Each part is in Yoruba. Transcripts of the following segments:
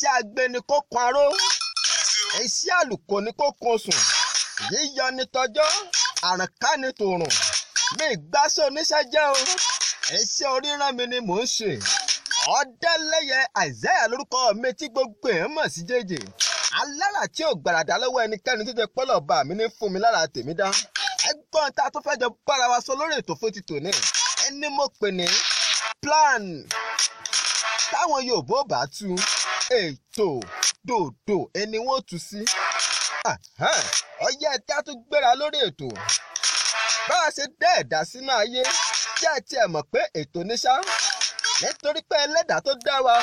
iṣẹ́ agbe ni kó kan aró iṣẹ́ àlùkò ni kó kan sùn yíyọ ni tọjọ́ àrànká ni tòrùn mi gbáṣọ oníṣẹ́ jẹ́ o iṣẹ́ oríran mi ni mò ń ṣe ọ̀dẹ́lẹ́yẹ àìsẹ́yà lórúkọ mi tí gbogbo ẹ̀ mọ̀ sí jèjì alára tí ò gbàràdà lọ́wọ́ ẹnikẹ́ni tó jẹ pọ́lọ̀ bá mi ní fún mi lára tèmi dá ẹgbọ́n tá a tó fẹ́ bára wa sọ lórí ètò fún ti tòní ẹni mo pè ní plan táwọn Yorùbá ò bá tú ètò dòdò ẹni wọ́n tù sí. ọyẹ́ ẹja tún gbéra lórí ètò bá a ṣe dá ẹ̀dá sínú ayé kí a tiẹ̀ mọ̀ pé ètò ní ṣá nítorí pé ẹlẹ́dàá tó dá wa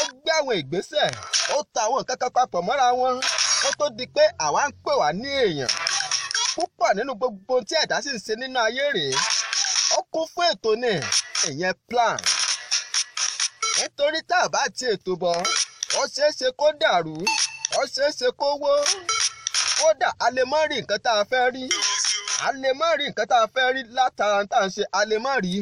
ó gbé àwọn ìgbésẹ̀ ó ta àwọn nǹkan kan papọ̀ mọ́ra wọn kó tó di pé àwa ń pè wá ní èèyàn púpọ̀ nínú gbogbo ohun tí ẹ̀dá sì ń ṣe nínú ayé rèé ó kún fún ètò ni ìyẹn plan nítorí tá a bá ti ètò bọ̀ ó ṣeé ṣe kó dàrú ó ṣeé ṣe kó wó kódà a lè má rí nǹkan tá a fẹ́ rí a lè má rí nǹkan tá a fẹ́ rí látara tá à ń ṣe a lè má rí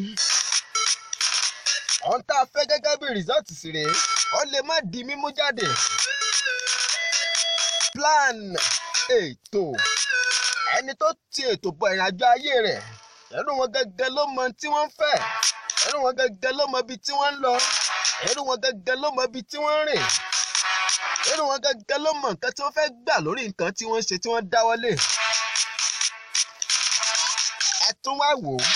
ohun tá a fẹ́ gẹ́gẹ́ bí rìsọ́ọ̀tì sì rèé ó lè má di mímú jáde plan ètò ẹni tó ti ètò bọ̀ ìrìnàjò ayé rẹ̀ ẹ̀rù wọn gẹ́gẹ́ ló mọ tí wọ́n fẹ́ ẹrú wọn gẹ́gẹ́ ló mọ ibi tí wọ́n ń lọ ẹrú wọn gẹ́gẹ́ ló mọ ibi tí wọ́n ń rìn ẹrú wọn gẹ́gẹ́ ló mọ nǹkan tí wọ́n fẹ́ gbà lórí nǹkan tí wọ́n ṣe tí wọ́n dáwọ́lé. ẹ tún wá wò ó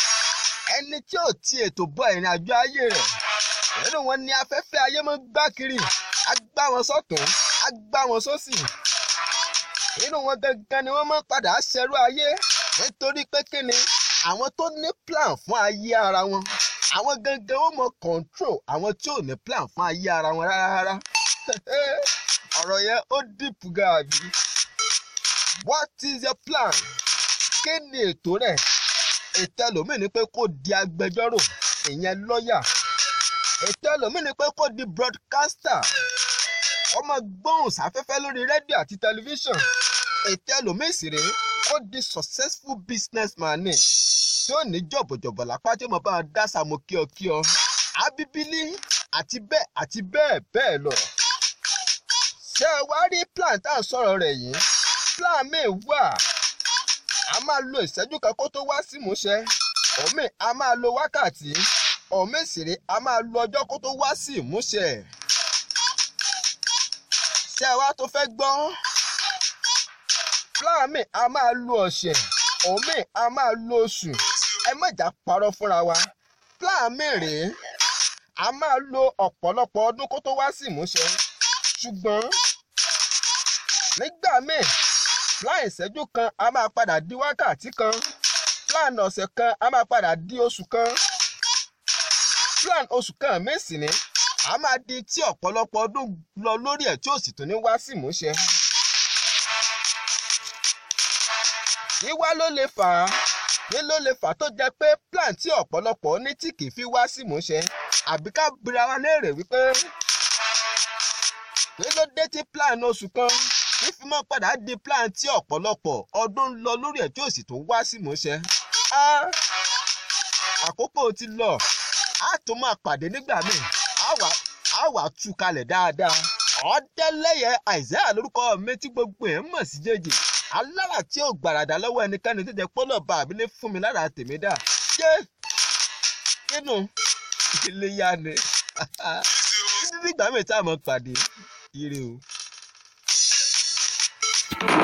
ẹni tí ò ti ètò bọ ìrìn àjò ayé rẹ̀ ẹrú wọn ni afẹ́fẹ́ ayé mọ́ gbá kiri á wọn sọ́tún á wọn sósì inú wọn gangan ni wọ́n máa ń padà ṣẹrú ayé nítorí pé kíni àwọn tó ní plan fún ayé ara wọn àwọn gangan ó mọ control àwọn tí ò ní plan fún ayé ara wọn rárá ọ̀rọ̀ yẹn ó deep gàbí what is your plan kí ni ètò rẹ̀ ètò ẹlòmíì ni pé kó di agbẹjọ́rò ìyẹn lọ́ọ̀yà ètò ẹlòmíì ni pé kó di broadcaster ọmọ gbóhùn sáfẹ́fẹ́ lórí rédíò àti tẹlifíṣàn ètò ẹlòmíì sì rèé kó di successful businessman ni tí ó ní jọ̀bọ̀jọ̀bọ̀ lápá tí ó mọ̀ bá dá sàmù kíọkíọ abibili àti bẹ́ẹ̀ àti bẹ́ẹ̀ bẹ́ẹ̀ lọ. ṣé ẹ wá rí plan tá à ń sọ̀rọ̀ rẹ̀ yìí plan mi wà a máa lo ìṣẹ́jú kan kó tó wá sí ìmúṣẹ omi a máa lo wákàtí omi ìṣeré a máa lo ọjọ́ kó tó wá sí ìmúṣẹ. ṣé ẹ wá tó fẹ́ gbọ́ plan a máa lo ọ̀sẹ̀ omi a máa lo oṣù ẹ má jà parọ́ fúnra wa láàmì rèé a máa lo ọ̀pọ̀lọpọ̀ ọdún kó tó wá sí ìmúṣẹ ṣùgbọ́n nígbà míì láì ṣẹ́jú kan a máa padà di wákàtí kan plan ọ̀sẹ̀ kan a máa padà di oṣù kan plan oṣù kan míì sì ni a máa di tí ọ̀pọ̀lọpọ̀ ọdún lọ lórí ẹ̀ tí ó sì tún ní wá sí ìmúṣẹ. ìwá ló lè fà á ní ló lè fà tó jẹ́ pé plan tí ọ̀pọ̀lọpọ̀ ní tí kì í fi wá sí ìmúṣẹ àbí ká wa léèrè wípé ní ló dé tí plan oṣù kan fífi mọ́ padà di plan tí ọ̀pọ̀lọpọ̀ ọdún ń lọ lórí ẹ̀ tí ò sì tún wá sí ìmúṣẹ. àkókò ti lọ a tún máa pàdé nígbà míì a wà tú kalẹ̀ dáadáa. ọ̀dẹ́lẹ́yẹ Isaiah lórúkọ mi gbogbo ẹ mọ̀ sí jẹ́jẹ́ alára tí ò gbàràdà lọ́wọ́ ẹnikẹ́ni tó jẹ pọ́lọ̀ bá àbílẹ̀ fún mi lára tèmi dà ṣé nínú ilé yá ni nígbà míì tá a mọ̀ pàdé o.